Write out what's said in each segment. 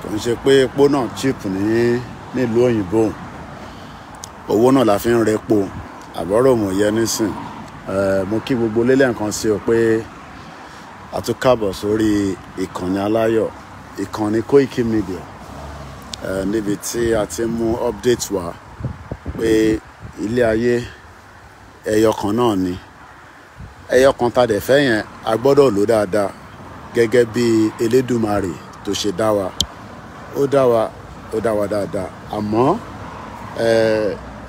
kò ń ṣe pé epo náà cheap ní nílùú òyìnbó owó náà la fi ń repo àbọ̀rọ̀ mò yẹ nísìn mo kí gbogbo lélẹ̀ nǹkan sí o pé a tún káàbọ̀ sórí ìkànnì aláyọ̀ ìkànnì Koiki Media níbi tí a ti mú update wá pé ilé ayé ẹyọ kan náà ni ẹyọ kan tá dẹ̀ fẹ́ yẹn a gbọ́dọ̀ lò dáadáa gẹ́gẹ́ bí Elédùmarè tó ṣe dá wa ó dá wa ó dá wa dáadáa àmọ́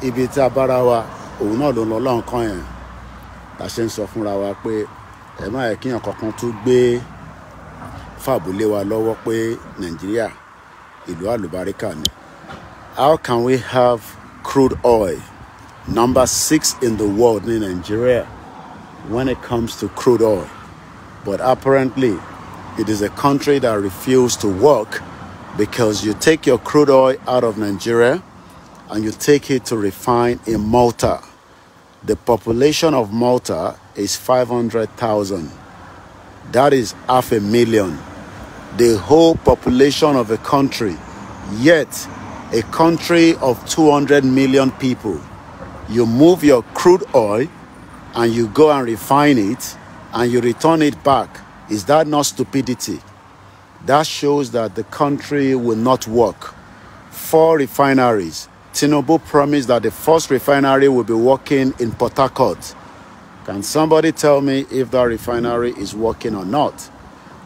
ibi tí a bára wa òun náà ló ń lọ lọ́nkàn yẹn la ṣe ń sọ fúnra wa pé ẹ má yẹ kíyàn kankan tún gbé fàbúlé wa lọ́wọ́ pé nàìjíríà ìlú àlùbáríkà ni. How can we have crude oil number six in the world ní Nigeria when it comes to crude oil? But apparently It is a country that refused to work because you take your crude oil out of Nigeria and you take it to refine in Malta. The population of Malta is 500,000. That is half a million. The whole population of a country. Yet, a country of 200 million people. You move your crude oil and you go and refine it and you return it back is that not stupidity? That shows that the country will not work. Four refineries. Tinubu promised that the first refinery will be working in Port Harcourt. Can somebody tell me if that refinery is working or not?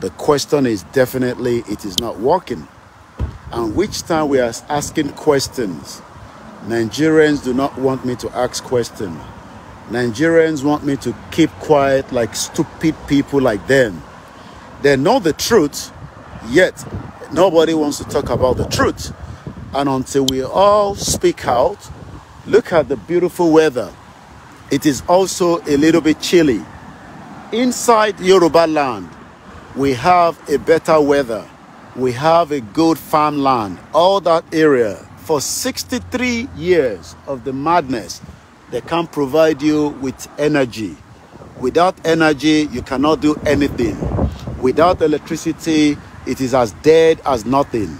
The question is definitely it is not working. And which time we are asking questions. Nigerians do not want me to ask questions. Nigerians want me to keep quiet like stupid people like them. They know the truth, yet nobody wants to talk about the truth. And until we all speak out, look at the beautiful weather. It is also a little bit chilly. Inside Yoruba land, we have a better weather. We have a good farmland. All that area for 63 years of the madness, they can not provide you with energy. Without energy, you cannot do anything. Without electricity, it is as dead as nothing.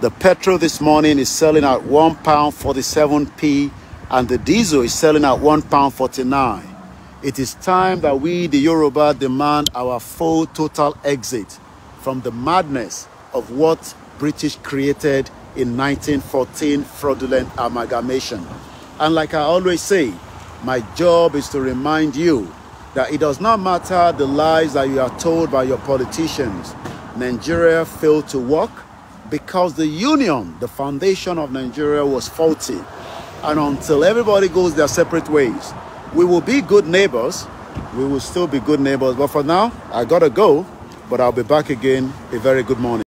The petrol this morning is selling at £1.47p and the diesel is selling at £1.49. It is time that we, the Yoruba, demand our full total exit from the madness of what British created in 1914 fraudulent amalgamation. And like I always say, my job is to remind you that it does not matter the lies that you are told by your politicians. Nigeria failed to work because the union, the foundation of Nigeria, was faulty. And until everybody goes their separate ways, we will be good neighbors. We will still be good neighbors. But for now, I gotta go, but I'll be back again a very good morning.